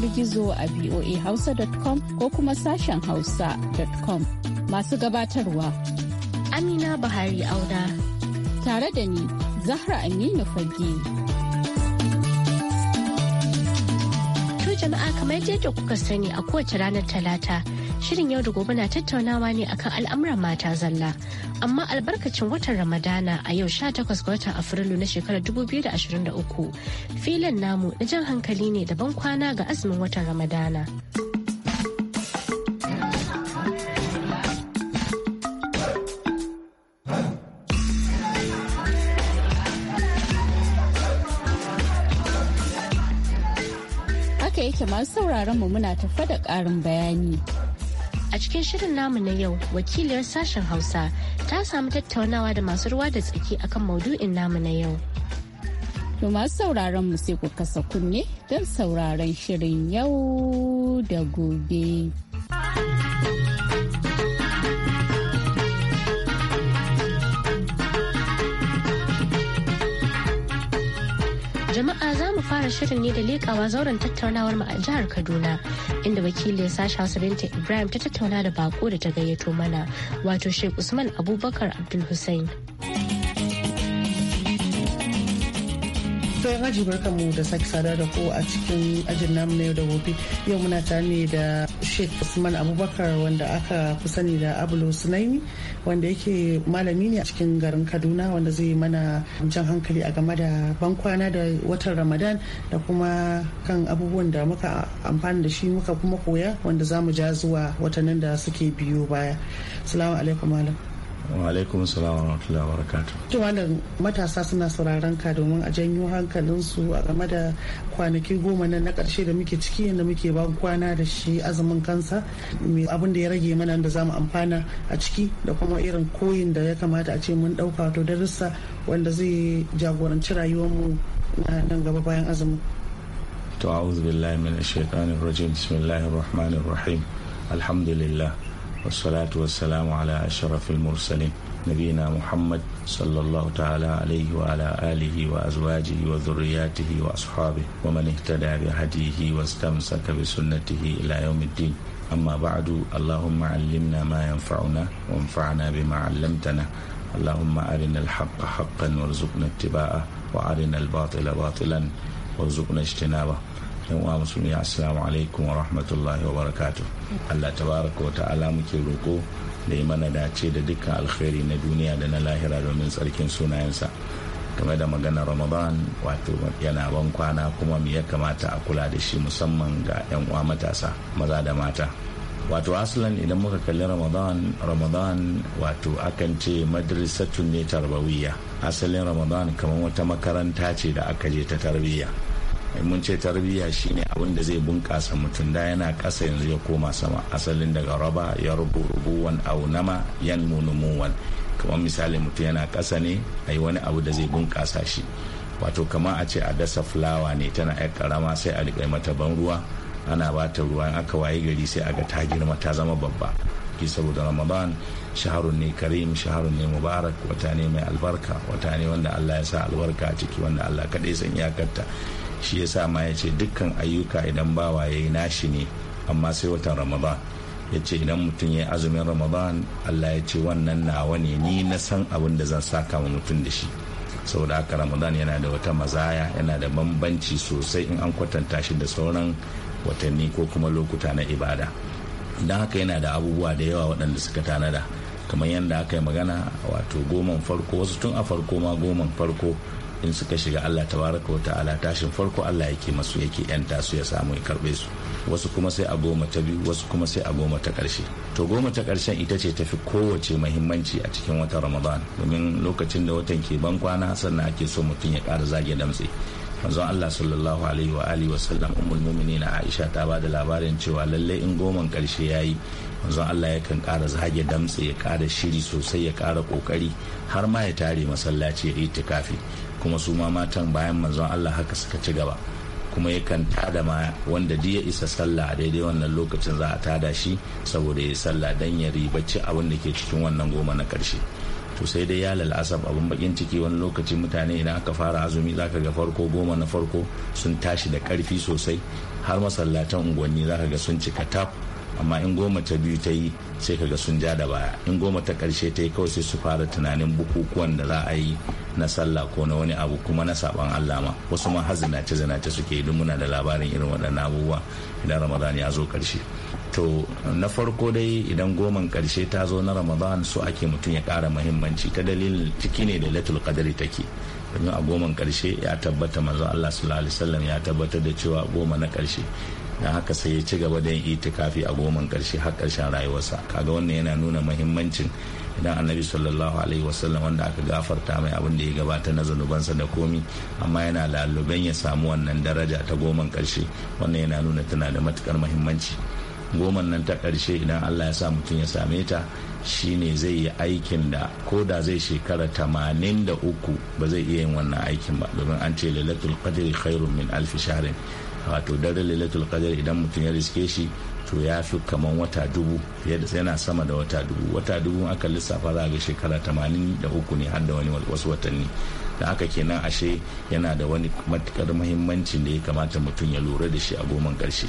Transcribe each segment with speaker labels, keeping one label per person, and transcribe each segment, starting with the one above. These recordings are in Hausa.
Speaker 1: yanar gizo a voahausa.com ko kuma sashen hausa.com. Masu gabatarwa. Amina Buhari Auda. Tare da ni, Zahra Aminu Fage. jama'a kamar yadda kuka sani a kowace ranar talata Shirin yau da gobe na tattaunawa ne akan al'amuran mata zalla. Amma albarkacin watan Ramadana a yau 18 ga watan Afrilu na shekarar 2023. Filin namu na jan hankali ne daban kwana ga azumin watan Ramadana. Haka yake masu sauraron mu muna tafa da ƙarin bayani. A cikin shirin namu na yau wakiliyar sashen Hausa ta samu tattaunawa da masu ruwa da tsaki akan maudu'in namu na yau. To masu sauraron mu sai ku kasa kunne don sauraron shirin yau da gobe. jama'a za mu fara shirin ne da leƙawa zauren tattaunawar mu a jihar kaduna inda wakilin sashi Hausa Binta Ibrahim ta tattauna da bako da ta gayyato mana wato shek Usman Abubakar Abdul
Speaker 2: yan aji barka mu da sake sada da ku a cikin ajin namu na yau da gobe. Yau muna tare ne da sheik Usman Abubakar wanda aka fi sani da Abulo Sunaimi wanda yake malami ne a cikin garin Kaduna wanda zai mana jan hankali a game da bankwana da watan Ramadan da kuma kan abubuwan da muka amfani da shi muka kuma koya wanda za mu ja zuwa watannin da suke biyo baya. Salamu alaikum malam.
Speaker 3: alaikum salam wa rahmatullahi wa barakatuh
Speaker 2: to wannan matasa suna sauraron ka domin a janyo hankalinsu a game da kwanaki goma nan na karshe da muke ciki yadda muke ba kwana da shi azumin kansa me abin da ya rage mana da zamu amfana a ciki da kuma irin koyin da ya kamata a ce mun dauka to darussa wanda zai jagoranci rayuwar rayuwarmu nan gaba bayan azumin
Speaker 3: to a'udhu billahi minash shaitanir rajim bismillahir rahmanir rahim alhamdulillah wassalatu wassalamu ala ashrafil mursalin nabina muhammad sallallahu ta'ala alaihi wa ala alihi wa azwajihi wa zurriyatihi wa ashabihi wa man ihtada bi hadihi wa istamsaka bi sunnatihi ila yawmiddin amma ba'adu allahumma allimna ma yanfa'una wanfa'na bima na allahumma arina al-haqqa haqqan warzuqna ittiba'a wa arina al-batila batilan warzuqna ijtinaba yan uwa musulmi assalamu alaikum wa rahmatullahi wa barakatu Allah tabaraka wa ta'ala muke roko da yi mana dace da dukkan alkhairi na duniya da na lahira domin tsarkin sunayensa game da maganar ramadan wato yana ban kwana kuma me ya kamata a kula da shi musamman ga yan uwa matasa maza da mata wato asalan idan muka kalli ramadan ramadan wato akan ce madrasatun ne tarbawiyya asalin ramadan kamar wata makaranta ce da aka je ta tarbiyya mun ce tarbiyya shine abin da zai bunkasa mutum da yana kasa yanzu ya koma sama asalin daga raba ya rubu rubuwan au nama yan munumuwan kamar misali mutum yana kasa ne a wani abu da zai bunkasa shi wato kama a ce a dasa fulawa ne tana yar karama sai a riƙa mata ban ruwa ana ba ta ruwa in aka waye gari sai a ga ta girma ta zama babba ki saboda ramadan shaharun ne karim shaharun ne mubarak wata ne mai albarka wata ne wanda allah ya sa albarka a ciki wanda allah kaɗai san iyakarta shi ya sa ma ya ce dukkan ayyuka idan bawa ya yi nashi ne amma sai watan ramadan ya ce idan mutum ya yi azumin ramadan allah ya ce wannan nawa ne ni na san abin da zan saka ma mutum da shi saboda haka ramadan yana da wata mazaya yana da bambanci sosai in an kwatanta shi da sauran watanni ko kuma lokuta na ibada don haka yana da abubuwa da yawa waɗanda suka tanada kamar yadda aka yi magana wato goman farko wasu tun a farko ma goman farko in suka shiga Allah tabaraka wa ta'ala tashin farko Allah yake masu yake yanta su ya samu ya karbe su wasu kuma sai a goma ta biyu wasu kuma sai a goma ta karshe to goma ta karshen ita ce tafi kowace mahimmanci a cikin wata Ramadan domin lokacin da watan ke ban kwana sannan ake so mutum ya ƙara zage damtse manzon Allah sallallahu alaihi wa alihi wa Sallam ummul mu'minin Aisha ta bada labarin cewa lalle in goman karshe yayi manzon Allah yakan ƙara zage damtse ya ƙara shiri sosai ya ƙara kokari har ma ya tare masallaci ya yi tikafi kuma su ma matan bayan manzon Allah haka suka ci gaba kuma yakan tada ma wanda duk ya isa sallah a daidai wannan lokacin za a tada shi saboda ya sallah dan ya ribaci abin da ke cikin wannan goma na karshe to sai dai ya lalasab abin bakin ciki wani lokacin mutane idan aka fara azumi zaka ga farko goma na farko sun tashi da karfi sosai har masallatan unguwanni zaka ga sun cika tap amma in goma ta biyu ta yi sai kaga sun ja da baya in goma ta karshe ta yi kawai sai su fara tunanin bukukuwan da za a yi na sallah ko na wani abu kuma na saban Allah ma wasu ma har zinace zinace suke idan muna da labarin irin waɗannan abubuwa idan ramadan ya zo karshe to na farko dai idan goman karshe ta zo na ramadan so ake mutum ya ƙara muhimmanci ta dalilin ciki ne da latul qadari take domin a goman karshe ya tabbata manzo Allah sallallahu alaihi ya tabbatar da cewa goma na karshe don haka sai ya ci gaba da yin itikafi a goman karshe har karshen rayuwarsa kaga wannan yana nuna muhimmancin idan annabi sallallahu alaihi wasallam wanda aka gafarta mai abin da ya gabata na zanubansa da komi amma yana laluben ya samu wannan daraja ta goman karshe wannan yana nuna tana da matukar muhimmanci goman nan ta karshe idan allah ya sa mutum ya same ta shine zai yi aikin da ko da zai shekara tamanin da uku ba zai iya yin wannan aikin ba domin an ce lalatul qadri khairun min alfi shahrin wato daren lailatul qadar idan mutum ya riske shi to ya fi kaman wata dubu yana sama da wata dubu wata dubu aka lissafa za a ga shekara 83 ne har da wani wasu watanni da haka kenan ashe yana da wani matukar muhimmanci da ya kamata mutum ya lura da shi a goman karshe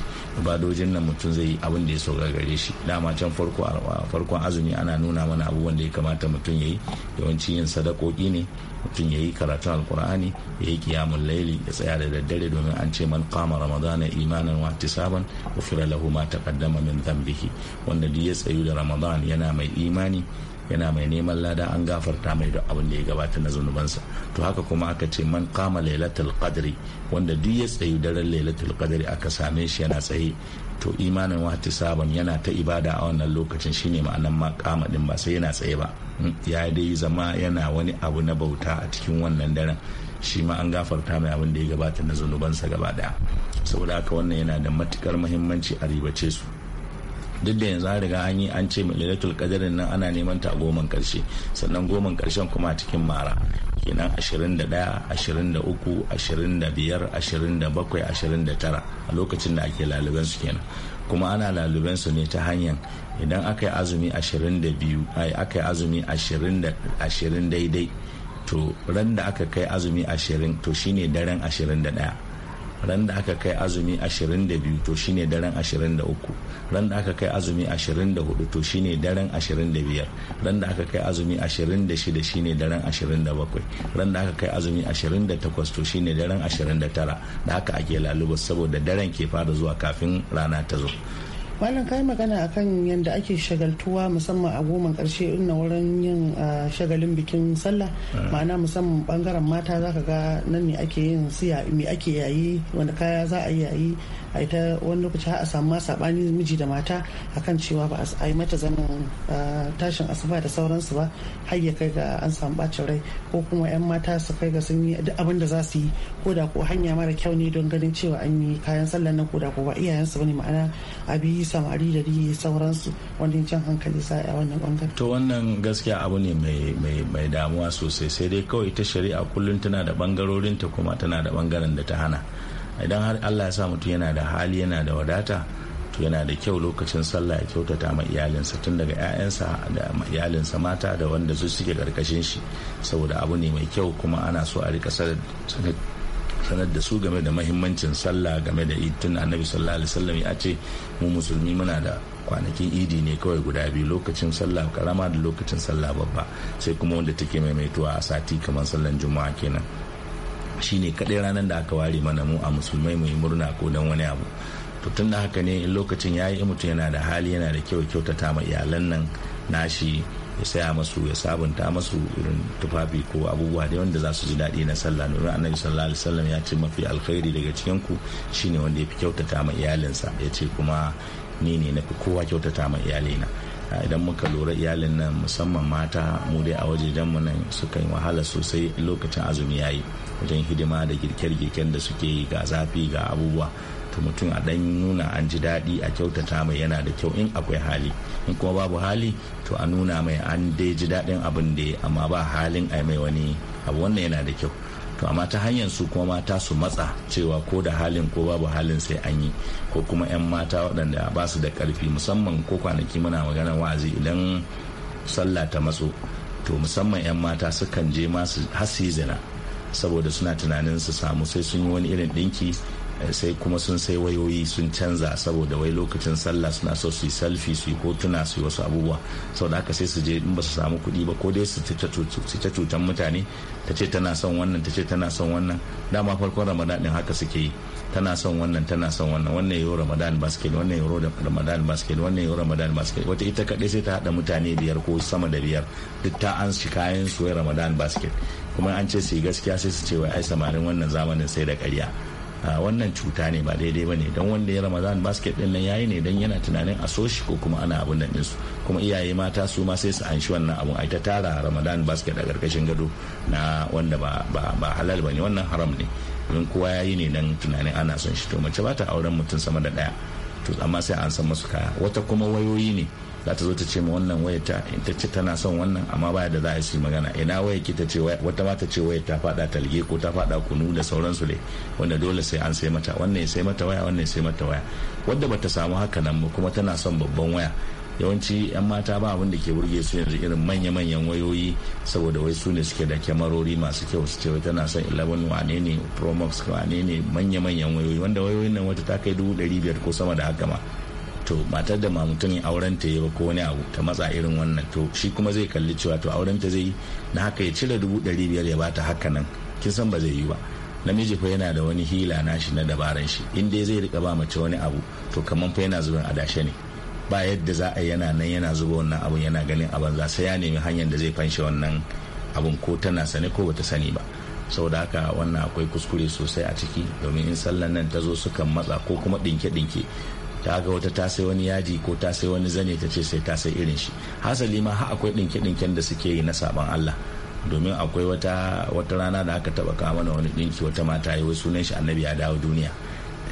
Speaker 3: dojin nan mutum zai yi abin da ya so gare shi dama can farko farkon azumi ana nuna mana abubuwan da ya kamata mutum ya yi yawanci yin sadakoki ne mutum ya yi karatun alkur'ani ya yi kiyamun laili ya tsaya da daddare domin an ce man kama ramadana imanin wa tisaban ufira lahu ma taqaddama min dhanbihi wanda duk ya tsayu da ramadan yana mai imani yana mai neman lada an gafarta mai duk abin da ya gabata na zunubansa to haka kuma aka ce man kama lailatul qadri wanda duk ya tsayi daren lailatul qadri aka same shi yana tsaye to imanin wata sabon yana ta ibada a wannan lokacin shine ma'anan ma kama din ba sai yana tsaye ba hmm, ya dai zama yana wani abu na bauta a cikin wannan daren shi ma an gafarta mai abin da ya gabata na zunubansa gaba daya saboda haka wannan yana da matukar muhimmanci a ribace su duk da yanzu an riga an yi an ce lailatul qadarin nan ana neman ta goman karshe sannan goman karshen kuma a cikin mara kenan 21 23 25 27 tara a lokacin da ake laluben su kenan kuma ana laluben su ne ta hanyar idan aka yi azumi 22 aka yi azumi 20 daidai to ran da aka kai azumi 20 to shine daren 21 ran da aka kai azumi 22 to shine daren 23 ran da aka kai azumi 24 to shine daren 25 ran da aka kai azumi 26 shine daren 27 ran da aka kai azumi 28 to shine daren 29 da haka ake lalubar saboda daren ke fara zuwa kafin rana ta zo
Speaker 2: malam kai magana akan yadda ake shagaltuwa musamman a goma karshe na wurin yin shagalin bikin sallah eh. ma'ana musamman bangaren mata za ka ga nan ne ake yin siya mai ake yayi wanda kaya za a yi yayi a ita wani lokaci a samu ma sabani miji da mata akan cewa ba a yi mata zanen tashin asuba da sauransu ba har ya kai ga an samu bacin rai ko kuma yan mata su kai ga sun yi abin da za su yi ko da ko hanya mara kyau ne don ganin cewa an yi kayan sallan nan ko da ko ba iyayensu bane ma'ana abi samari da ri sauransu wani jan hankali sa a wannan bangaren.
Speaker 3: to wannan gaskiya abu ne mai damuwa sosai sai dai kawai ta shari'a kullum tana da bangarorinta kuma tana da bangaren da ta hana idan har allah ya sa mutum yana da hali yana da wadata to yana da kyau lokacin sallah ya kyautata ma iyalinsa tun daga 'ya'yansa da iyalinsa mata da wanda su suke karkashin shi saboda abu ne mai kyau kuma ana so a rika sanar da su game da mahimmancin sallah game da tun annabi sallallahu alaihi wasallam ya ce mu musulmi muna da kwanakin idi ne kawai guda biyu lokacin sallah karama da lokacin sallah babba sai kuma wanda take maimaituwa a sati kamar sallan juma'a kenan shine kaɗai ranar da aka ware mana mu a musulmai mu yi murna ko dan wani abu to tun da haka ne in lokacin ya yi mutum yana da hali yana da kyau kyautata ma iyalan nan nashi ya saya masu ya sabunta masu irin tufafi ko abubuwa da wanda za su ji daɗi na sallah domin annabi sallallahu alaihi wasallam ya ce mafi alkhairi daga cikin ku shine wanda ya fi kyautata ma iyalinsa ya ce kuma ni ne na fi kowa kyautata ma iyalina idan muka lura iyalin nan musamman mata mu dai a wajejen mu nan suka yi wahala sosai lokacin azumi ya yi wajen hidima da girke-girken da suke yi ga zafi ga abubuwa to mutum a dan nuna an ji daɗi a kyautata mai yana da kyau in akwai hali in kuma babu hali to a nuna mai an dai ji daɗin abin da amma ba halin a mai wani abu wannan yana da kyau to amma ta hanyar su kuma mata su matsa cewa ko da halin ko babu halin sai an yi ko kuma 'yan mata waɗanda ba su da ƙarfi musamman ko kwanaki muna magana wa'azi idan sallah ta matso to musamman 'yan mata sukan je masu hasi zina saboda suna tunanin su samu sai sun yi wani irin ɗinki Eh, sai kuma sun sai wayoyi sun canza saboda wai lokacin sallah suna so su yi selfie su yi hotuna su yi wasu abubuwa saboda haka sai su je in ba su samu kuɗi ba ko dai su ta cutan mutane ta ce tana son wannan ta ce tana son wannan dama farkon ramadan din haka suke yi tana son wannan tana son wannan wannan yau ramadan basket wannan yau ramadan basket wannan yau ramadan basket wata ita kaɗai sai ta haɗa mutane biyar ko sama da biyar duk ta an shi kayan su ramadan basket kuma an ce su yi gaskiya sai su ce wai ai samarin wannan zamanin sai da ƙarya wannan cuta ne ba daidai ba ne don wanda ya ramadan basket din nan yayi ne don yana tunanin a so shi ko kuma ana abun nan ɗinsu kuma iyaye mata su ma sai su anshi wannan abun ai ta tara ramadan basket a karkashin gado na wanda ba halal ba ne wannan haram ne don kowa yayi ne don tunanin ana son shi to mace ba ta auren mutum sama da ɗaya to amma sai an san masu kaya wata kuma wayoyi ne za ta zo ta ce ma wannan waya ta ta ce tana son wannan amma baya da za a yi magana ina waya ki ta ce wata ma ta ce waya ta fada talge ko ta fada kunu da sauransu ne wanda dole sai an sai mata wannan ya sai mata waya wannan sai mata waya wanda bata samu haka nan ba kuma tana son babban waya yawanci 'yan mata ba abin da ke burge su yanzu irin manya-manyan wayoyi saboda wai su ne suke da kyamarori masu kyau su ce wai tana son 11 wane ne promox wane ne manya-manyan wayoyi wanda wayoyin nan wata ta kai dubu ɗari biyar ko sama da haka ma to matar da ma mutumin auren ta ba ko wani abu ta matsa irin wannan to shi kuma zai kalli cewa to auren ta zai na haka ya cire dubu ɗari biyar ya bata haka nan kin san ba zai yi ba namiji fa yana da wani hila na shi na dabaran shi in dai zai rika ba mace wani abu to kaman fa yana zuban adashe ne ba yadda za a yana nan yana zuba wannan abun yana ganin a banza sai ya nemi hanyar da zai fanshe wannan abun ko tana sane ko bata sani ba saboda haka wannan akwai kuskure sosai a ciki domin in sallan nan ta zo sukan matsa ko kuma dinke dinke ta ga wata ta sai wani yadi ko ta sai wani zane ta ce sai ta sai irin shi hasali ma har akwai ɗinke ɗinken da suke yi na saban Allah domin akwai wata rana da aka taba kawo mana wani ɗinki wata mata yi wai sunan shi annabi ya dawo duniya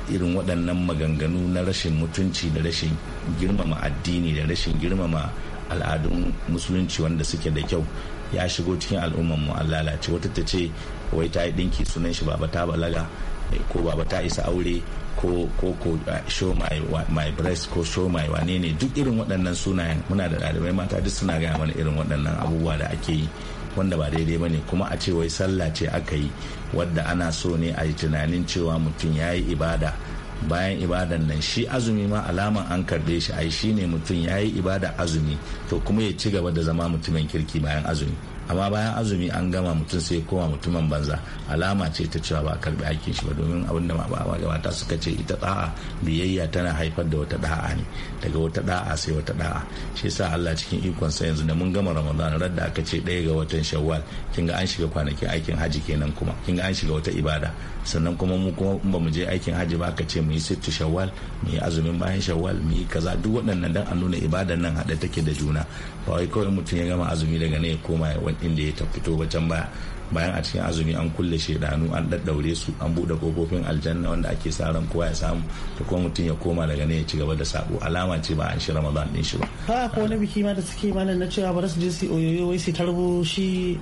Speaker 3: irin waɗannan maganganu na rashin mutunci da rashin girmama addini da rashin girmama al'adun musulunci wanda suke da kyau ya shigo cikin al'ummar mu an lalace wata ta ce wai ta yi dinki sunan shi baba ta balaga ko baba ta isa aure ko ko ko show my my breast ko show my wane ne duk irin waɗannan sunayen muna da ɗalibai mata duk suna gaya mana irin waɗannan abubuwa da ake yi wanda ba daidai ba ne kuma a ce wai sallah ce aka yi wadda ana so ne a yi tunanin cewa mutum ya yi ibada bayan ibadan nan shi azumi ma alaman an karbe shi ai ne mutum ya yi ibada azumi to kuma ya ci gaba da zama mutumin kirki bayan azumi amma bayan azumi an gama mutum sai koma mutumin banza alama ce ta cewa ba karbi aikin shi ba domin abin da ta suka ce ita da'a biyayya tana haifar da wata da'a ne daga wata da'a sai wata da'a shi sa Allah cikin ikon sa yanzu da mun gama Ramadan ran da aka ce ɗaya ga watan Shawwal kinga an shiga kwanakin aikin haji kenan kuma kinga an shiga wata ibada sannan kuma mu kuma ba mu je aikin hajji ba ka ce mu yi sittu shawwal mu yi azumin bayan shawwal mu yi kaza duk waɗannan dan a nuna ibadan nan haɗe take da juna ba wai kawai mutum ya gama azumi daga ne ya koma inda ya tafito ba can baya bayan a cikin azumi an kulle shaidanu an daddaure su an buɗe kofofin aljanna wanda ake sa ran kowa ya samu da kuma mutum ya koma daga ne ya ci gaba da sabo alama ce ba an shi ramadan din shi ba
Speaker 2: ha ko wani biki ma da suke mana na cewa ba su je su oyoyo wai su tarbo shi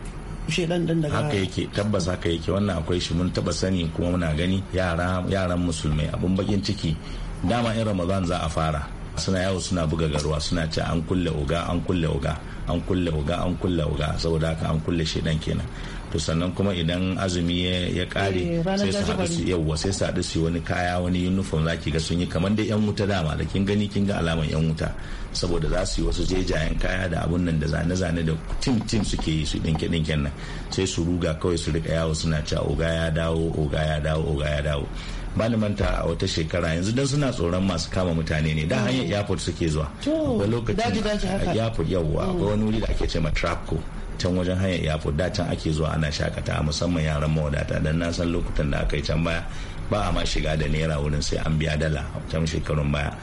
Speaker 2: dan dan daga haka
Speaker 3: yake tabbas haka yake wannan akwai shi mun taba sani kuma muna gani yara yaran musulmai abun bakin ciki dama in ramadan za a fara suna yawo suna buga garuwa suna ce an kulle uga an kulle uga an kulle uga an kulle uga saboda haka an kulle shedan kenan to sannan kuma idan azumi ya kare eh, sai su haɗu su yawwa sai su haɗu su wani kaya wani uniform za ki ga sun yi kamar dai yan wuta dama da kin gani kin ga alaman yan wuta saboda za su yi wasu jejayen kaya da abun nan da zane-zane da tim tim suke yi su ɗinke ɗinken nan sai su ruga kawai su riƙa yawo suna cewa oga ya dawo oga ya dawo oga ya dawo malamanta a wata shekara yanzu dan suna tsoron masu kama mutane ne da mm. hanyar airport suke zuwa akwai lokacin airport yawwa akwai mm. wani wuri da ake ce ma trapco can wajen hanyar yafo da can ake zuwa ana shakata musamman yaran mawadata dan na san lokutan da aka yi can baya ba a ma shiga da naira wurin sai an biya dala can shekarun baya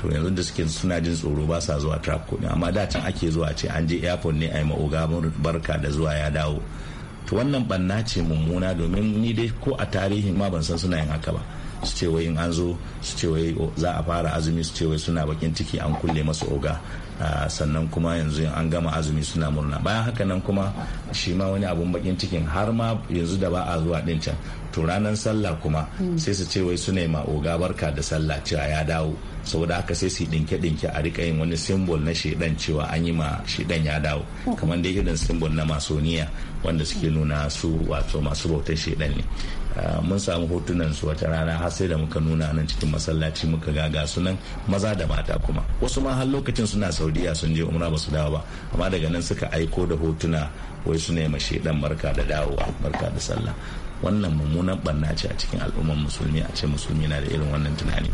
Speaker 3: to yanzu da suke suna jin tsoro ba sa zuwa track kuɗi amma da can ake zuwa ce an je airport ne a yi ma'uga barka da zuwa ya dawo to wannan banna ce mummuna domin ni dai ko a tarihin ma ban san suna yin haka ba su ce wai in an zo su ce wai za a fara azumi su ce wai suna bakin ciki an kulle masu oga Ah, sannan kuma yanzu an gama azumi suna murna bayan haka nan kuma shi ma wani abun bakin cikin har ma yanzu da ba a zuwa din can to ranar sallah kuma hmm. sai su ce wai su nema oga barka da sallah cewa ya dawo saboda haka sai su dinke dinke a rika yin wani simbol na shedan cewa an yi ma shedan ya dawo hmm. kamar da irin simbol na masoniya wanda suke nuna su wato masu bautar shedan ne Ah, mun samu hotunan su wata rana har sai da muka nuna nan cikin masallaci muka ga su nan maza da mata kuma wasu ma har lokacin suna saudiya sun je umra ba su dawo ba amma daga nan suka aiko da hotuna wai su ne mashe dan barka da dawowa barka da sallah wannan mummunan barna ce a cikin al'umman musulmi a ce musulmi na da irin wannan tunani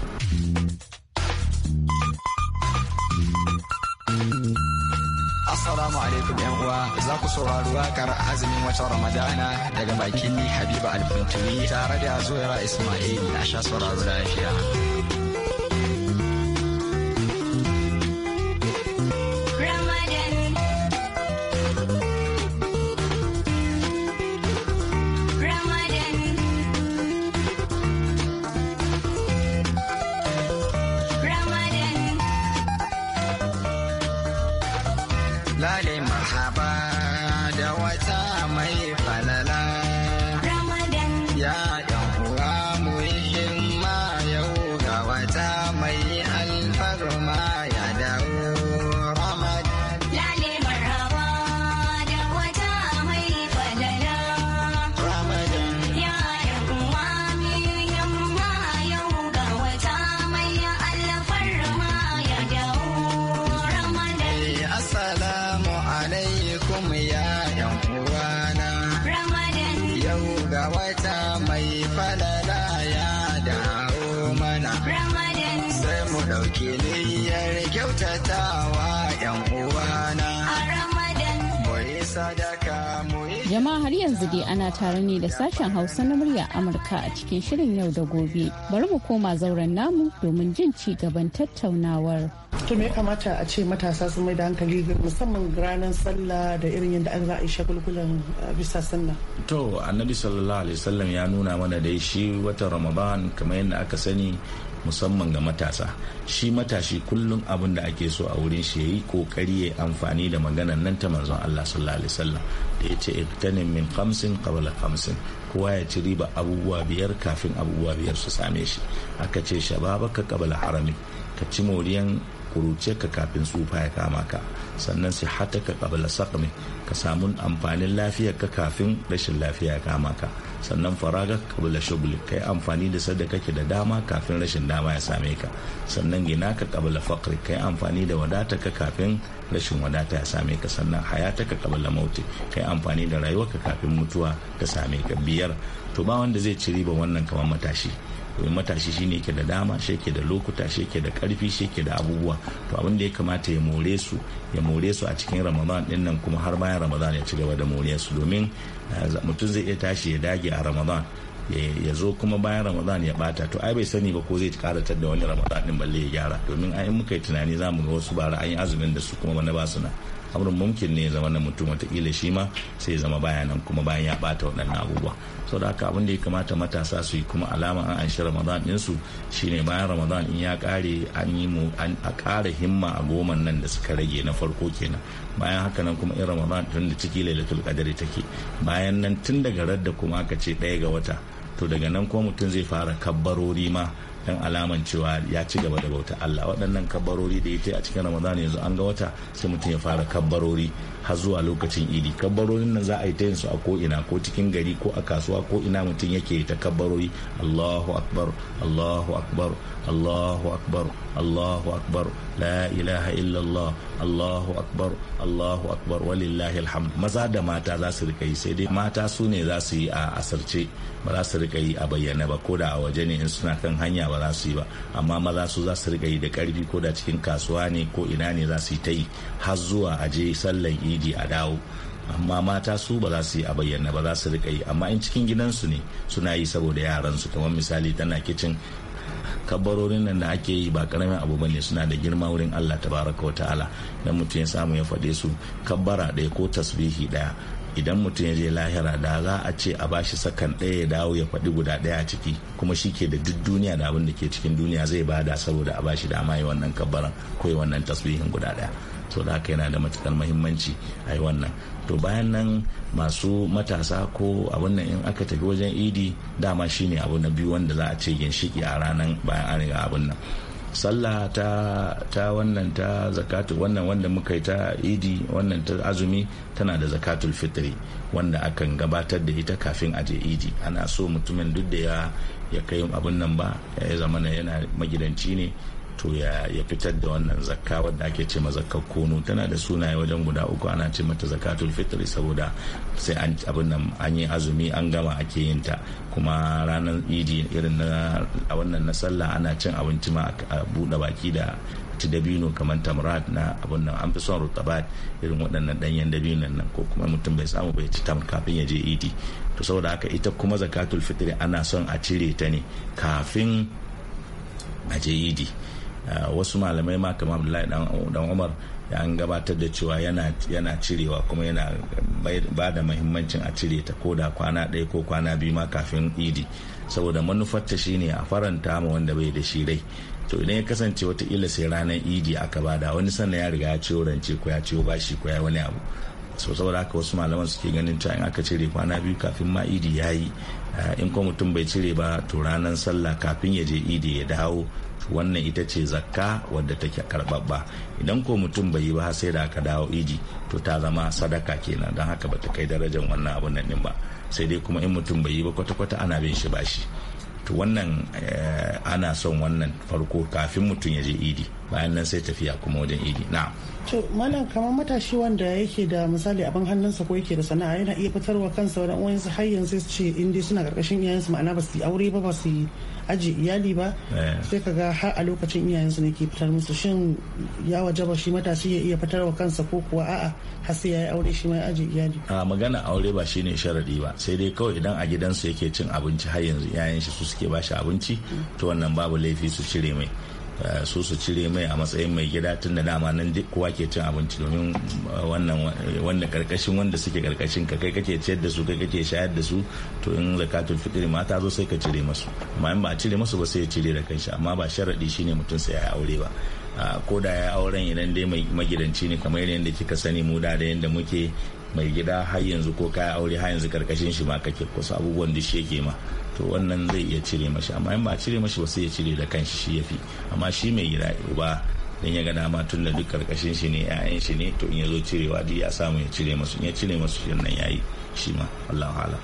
Speaker 4: Assalamu alaikum yan uwa za ku saurari wakar azumin watan Ramadana daga bakin Habiba Alfunturi tare da Zuwa Ismail a sha sauraro lafiya.
Speaker 1: yanzu dai ana tare ne da sashen Hausa na murya Amurka a cikin shirin yau da gobe. Bari mu koma zauren namu domin jin ci gaban tattaunawar.
Speaker 2: To me kamata a ce matasa sun mai da hankali musamman ranar sallah da irin yadda an za a yi shagulgulan bisa sallah.
Speaker 3: To Annabi sallallahu alaihi wasallam ya nuna mana da shi watan Ramadan kamar yadda aka sani musamman ga matasa shi matashi kullum abin da ake so a wurin shi ya yi kokari ya amfani da maganar nan ta manzon Allah sallallahu alaihi wasallam da ya ce iktanim min khamsin kabala khamsin kowa ya ci riba abubuwa biyar kafin abubuwa biyar su same shi aka ce shababaka kabala harami ka ci moriyan kuruce ka kafin tsufa ya kama ka sannan sai hata ka kabala saqmi ka samu amfanin lafiyar ka kafin rashin lafiya ya kama ka sannan faraga kabila shugli ka yi amfani da sadda kake da dama kafin rashin dama ya same ka sannan gina ka kabila fakri ka yi amfani da wadata ka kafin rashin wadata ya same ka sannan hayata ka kabila mauti ka yi amfani da ka kafin mutuwa ta same ka biyar to ba wanda zai ci ba wannan kamar matashi domin matashi shine ke da dama shi ke da lokuta shi ke da karfi shi ke da abubuwa to abin da ya kamata ya more su ya more su a cikin ramadan din nan kuma har bayan ramadan ya ci gaba da more su domin eh, mutum zai iya tashi ya dage a ramadan ya zo kuma bayan ramadan ya bata to ai bai sani ba ko zai karatar da wani ramadan din balle ya gyara domin ai in muka yi tunani zamu ga wasu bara an yi azumin da su kuma na ba su na amurin mumkin ne ya zama na mutum watakila shi ma sai zama baya nan kuma bayan ya bata waɗannan abubuwa so da haka abin da ya kamata matasa su yi kuma alama an anshi ramadan ɗinsu shine bayan ramadan in ya kare an yi mu a ƙara himma a goman nan da suka rage na farko kenan bayan haka nan kuma in ramadan tun da ciki lailatul qadari take bayan nan tun daga radda kuma aka ce ɗaya ga wata to daga nan kuma mutum zai fara kabbarori ma dan alaman cewa ya ci gaba da bauta Allah waɗannan kabarori da ya ta a cikin Ramadan yanzu an ga wata sai mutum ya fara kabbarori har zuwa lokacin idi kabbarorin nan za a yi ta yinsu a ko ina ko cikin gari ko a kasuwa ko ina mutum yake ta kabbarori allahu akbar allahu akbar allahu akbar allahu akbar la ilaha illallah allahu akbar allahu akbar walillahi alhamd maza da mata za su rika sai dai mata su ne za su yi a asirce ba za su rika a bayyana ba ko da a waje ne in suna kan hanya ba za su yi ba amma maza su za su rika da karfi ko da cikin kasuwa ne ko ina ne za su yi ta yi har zuwa a je sallan idi namiji a dawo amma mata su ba za su yi a bayyana ba za su rika yi amma in cikin gidansu ne suna yi saboda yaran su kamar misali tana kicin kabarorin nan da ake yi ba karamin abu ba ne suna da girma wurin Allah tabaraka wa ta'ala dan mutum ya samu ya faɗe su kabbara ɗaya ko tasbihi ɗaya idan mutum ya je lahira da za a ce a bashi sakan ɗaya ya dawo ya faɗi guda ɗaya a ciki kuma shi ke da duk duniya da abin da ke cikin duniya zai bada saboda a bashi dama ya wannan kabbaran ko ya wannan tasbihin guda ɗaya so da haka yana da matukar mahimmanci a yi wannan to bayan nan masu matasa ko abin nan in aka tafi wajen idi dama shine abu na biyu wanda za a ce ginshiki a ranar bayan an riga abin nan sallah ta ta wannan ta zakatu wannan wanda muka yi ta idi wannan ta azumi tana da zakatul fitri wanda akan gabatar da ita kafin a je idi ana so mutumin duk da ya ya kai abin nan ba ya zamana yana magidanci ne wato ya fitar da wannan zakka wadda ake ce ma zakkar kono tana da sunaye wajen guda uku ana ce mata zakatul fitri saboda sai an abin nan an yi azumi an gama ake yin ta kuma ranar idi irin na a wannan na sallah ana cin abinci ma a buɗe baki da ta dabino kamar tamrat na abin nan an fi son rutabat irin waɗannan ɗanyen dabinon nan ko kuma mutum bai samu bai ci tam kafin ya je idi to saboda haka ita kuma zakatul fitri ana son a cire ta ne kafin a je idi Eh, wasu malamai ma kamar abdullahi dan umar an gabatar da cewa yana cirewa kuma yana ba da mahimmancin a cire ta ko da kwana ɗaya ko kwana biyu ma kafin idi saboda manufarta ne a faranta ma wanda bai da shi rai to idan ya kasance wata wataƙila sai ranar idi aka bada wani sannan ya riga ya ciwo rance ko ya ciwo bashi ko ya wani abu so saboda haka wasu malaman suke ganin cewa in aka cire kwana biyu kafin ma idi ya yi eh, in kuma mutum bai cire ba to ranar sallah kafin ya je idi ya dawo wannan ita ce zakka wadda take karbabba idan ko mutum bai yi ba sai da aka dawo iji to ta zama sadaka kenan don haka bata kai darajar wannan abun nan ba sai dai kuma in mutum bai yi ba kwata-kwata ana bin shi bashi to wannan eh, ana son wannan farko kafin mutum ya je idi bayan nan sai tafiya kuma wajen idi na
Speaker 2: to malam kamar matashi wanda yake da misali abin hannunsa ko yake da sana'a yana iya fitarwa kansa wani su har yanzu su ce in dai suna karkashin iyayensu ma'ana ba su yi aure ba ba su yi aji iyali ba eh. sai ka ga har a lokacin iyayensu ne ke fitar musu shin ya wajaba shi matashi ya iya fitarwa kansa ko kuwa a'a har sai ya yi aure shi ma ya aji
Speaker 3: iyali a magana aure ba shine sharadi ba sai dai kawai idan a su yake cin abinci har yanzu iyayen shi su suke ba abinci to wannan babu laifi su cire mai Eh, su su cire mai a matsayin mai gida tun da dama nan duk kowa ke cin abinci domin eh, wannan wanda karkashin wanda suke karkashin ka kai kake ciyar da su kai kake shayar da su to in zakatul fitri ma ta zo sai ka cire masu amma in ba a cire masu ba sai ya cire da kanshi amma ba shi ne mutum sai ya aure ba ah, ko da ya auren idan dai mai magidanci ne kamar yadda kika sani mu da yadda muke mai gida har yanzu ko kaya aure har yanzu karkashin shi ma kake kusa abubuwan da shi yake ma to wannan zai iya cire mashi amma in ba cire mashi ba sai ya cire da kanshi shi ya fi amma shi mai gida uba dan ya ga dama tun da duk karkashin shi ne 'ya'yan shi ne to in ya zo cirewa duk ya samu ya cire masu in ya cire masu shi nan yayi shi ma Allah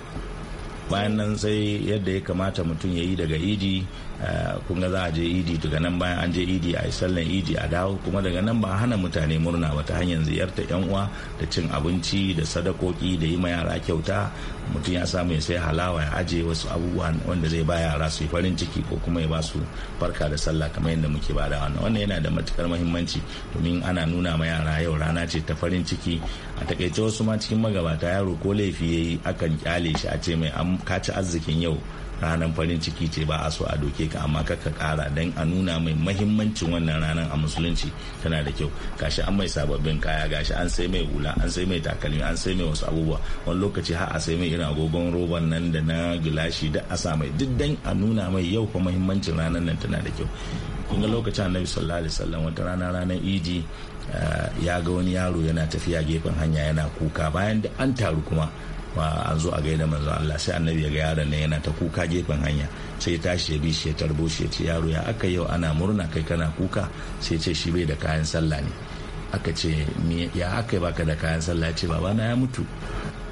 Speaker 3: bayan nan sai yadda ya kamata mutum ya yi daga idi Eh, kun ga za a je idi daga nan bayan an je idi a yi sallan idi a dawo kuma daga nan ba hana mutane murna ba ta hanyar ziyarta yan uwa da cin abinci da sadakoki da yi ma yara kyauta mutum ya samu ya sai halawa ya aje wasu abubuwa wanda zai ba yara su yi farin ciki ko kuma ya ba su farka da sallah kamar yadda muke ba da wannan wannan yana da matukar muhimmanci domin ana nuna ma yara yau rana ce ta farin ciki a takaice wasu ma cikin magabata yaro ko laifi ya yi akan kyale shi a ce mai an kaci arzikin yau ranar farin ciki ce ba a so a doke ka amma ka kara don a nuna mai mahimmancin wannan ranar a musulunci tana da kyau gashi an mai sababbin kaya gashi an sai mai hula an sai mai takalmi an sai mai wasu abubuwa wani lokaci har a sai mai irin agogon roban nan da na gilashi duk a sa mai duk dan a nuna mai yau fa mahimmancin ranar nan tana da kyau kun ga lokacin annabi sallallahu alaihi wasallam wata rana ranar idi eh, ya ga wani yaro yana tafiya gefen hanya yana kuka bayan da an taru kuma an zo a gaida manzon Allah sai annabi ya ga yaron nan yana ta kuka gefen hanya sai ya tashi ya bi shi ya tarbo shi ya ce yaro ya aka yau ana murna kai kana kuka sai ce shi bai da kayan sallah ne aka ce ya aka baka da kayan sallah ya ce babana ya mutu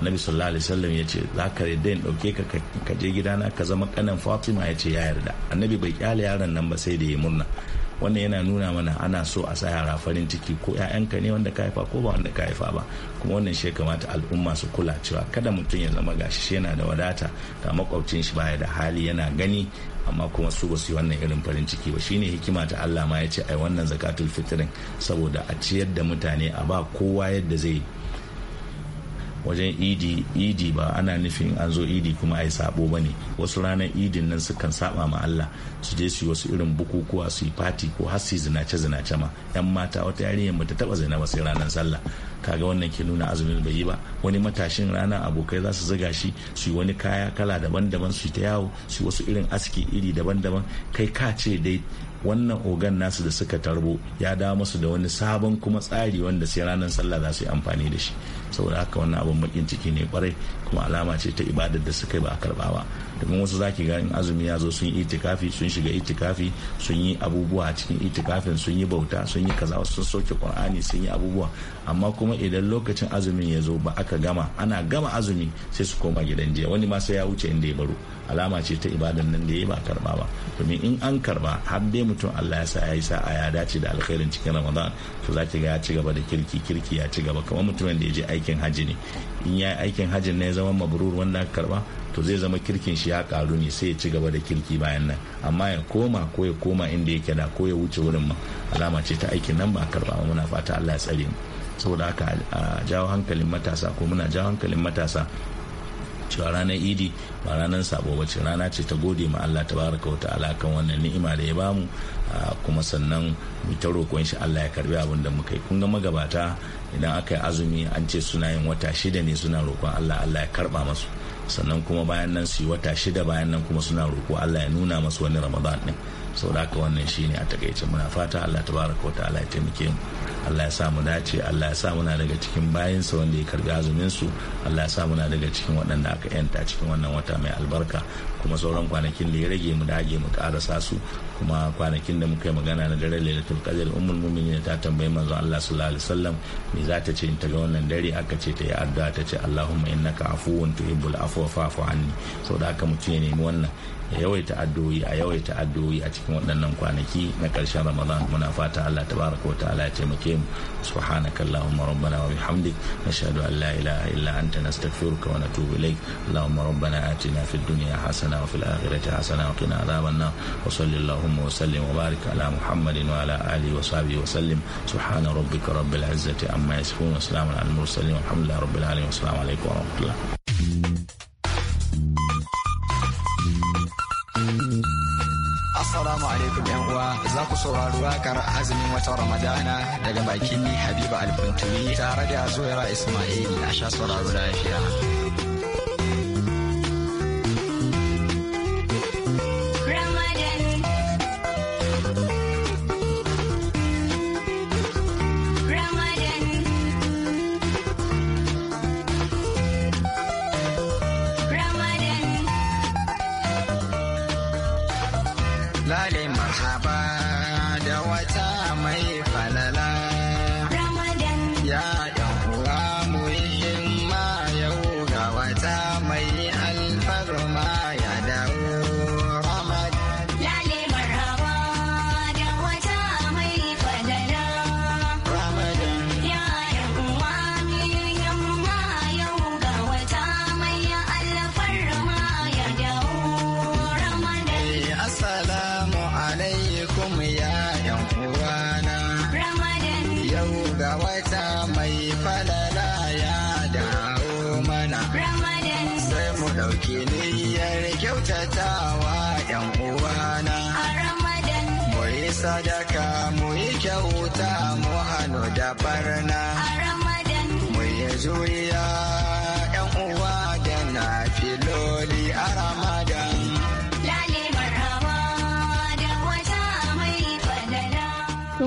Speaker 3: nabi sallallahu alaihi wasallam ya ce za ka yarda in ɗauke ka ka je gidana ka zama kanan fatima ya ce ya yarda annabi bai kyale yaron nan ba sai da ya murna wannan yana nuna mana ana so a sa yara farin ciki ko 'ya'yanka ne wanda ka haifa ko ba wanda ka haifa ba kuma wannan shi kamata al'umma su kula cewa kada mutum ya zama gashi shi yana da wadata ga makwabcin shi baya da hali yana gani amma kuma su ba su yi wannan irin farin ciki ba shine hikima ta Allah ma ya ce ai wannan zakatul fitrin saboda a ciyar da mutane a ba kowa yadda zai wajen idi idi ba ana nufin an zo idi kuma ai sabo ne wasu ranar idin nan sukan saba ma Allah su je su wasu irin bukukuwa su yi fati ko har su zinace zinace ma yan mata wata yarinyar ba ta taba zina ba sai ranar sallah kaga wannan ke nuna azumin bai yi ba wani matashin rana abokai za su ziga shi su yi wani kaya kala daban-daban su yi ta yawo su wasu irin aski iri daban-daban kai ka ce dai wannan ogan nasu da suka tarbo ya da musu da wani sabon kuma tsari wanda sai ranar sallah za su yi amfani da shi saboda haka wannan abin bakin ciki ne kwarai kuma alama ce ta ibadar da suka ba a karba ba domin wasu zaki ga in azumi ya zo sun yi itikafi sun shiga itikafi sun yi abubuwa cikin itikafin sun yi bauta sun yi kaza sun soke qur'ani sun yi abubuwa amma kuma idan lokacin azumin ya zo ba aka gama ana gama azumi sai su koma gidan jiya wani ma sai ya wuce inda ya baro alama ce ta ibadan nan da ya ba karba ba domin in an karba har dai mutum Allah ya sa ya yi sa'a ya dace da alkhairin cikin Ramadan to za ki ga ya ci gaba da kirki kirki ya ci gaba kamar mutumin da ya je aikin haji ne in ya yi aikin hajin ne ya zama mabrur wanda aka karba to zai zama kirkin shi ya karu ne sai ya ci gaba da kirki bayan nan amma ya koma ko ya koma inda yake da ko ya wuce wurin ma alama ce ta aikin nan ba karba ba muna fata Allah ya tsare mu saboda haka a jawo hankalin matasa ko muna jawo hankalin matasa cewa ranar idi ba ranar sabo ba ce rana ce ta gode ma Allah ta baraka wata kan wannan ni'ima da ya bamu kuma sannan mu ta roƙon shi Allah ya karbi abin da muka yi kun ga magabata idan aka yi azumi an ce suna yin wata shida ne suna roƙon Allah Allah ya karba masu sannan kuma bayan nan su yi wata shida bayan nan kuma suna roƙo Allah ya nuna masu wani Ramadan din saboda haka wannan shi ne a takaice muna fata Allah tabaraka baraka wata ya taimake mu Allah ya sa mu dace Allah ya sa muna daga cikin sa wanda ya karbi azumin su Allah ya sa muna daga cikin waɗanda aka yanta cikin wannan wata mai albarka kuma sauran kwanakin da ya rage mu dage mu karasa su kuma kwanakin da muka yi magana na dare lailatul qadr ummul mu'minin ta tambayi manzo Allah sallallahu alaihi wasallam me za ta ce in ta ga wannan dare aka ce ta yi addu'a ta ce Allahumma innaka afuwun tuhibbul afwa fa'fu anni saboda haka mutum ya nemi wannan ya yawaita addu'o'i a yawaita addu'o'i a cikin waɗannan kwanaki na ƙarshen ramadan muna fata allah tabaraka wa ta'ala ya taimake mu subhanaka allahumma rabbana wa bihamdik nashhadu an la ilaha illa anta nastaghfiruka wa natubu ilaik allahumma rabbana atina fid dunya hasana wa fil akhirati hasana wa qina adhaban nar wa sallallahu wa sallim wa barik ala muhammadin wa ala alihi wa sahbihi wa sallim subhana rabbika rabbil izzati amma yasifun wa salamun al mursalin walhamdulillahi rabbil alamin wa assalamu alaikum wa rahmatullah
Speaker 4: ku sauraro wakar azumin wata ramadana daga bakin ni habiba alfunturi tare da zuwaira ismail a sha sauraro lafiya lale marhaba wata da now.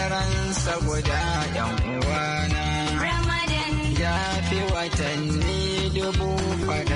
Speaker 4: daren guda yan uwana.
Speaker 5: Ramadan. Ya
Speaker 4: fi watanni dubu faɗi.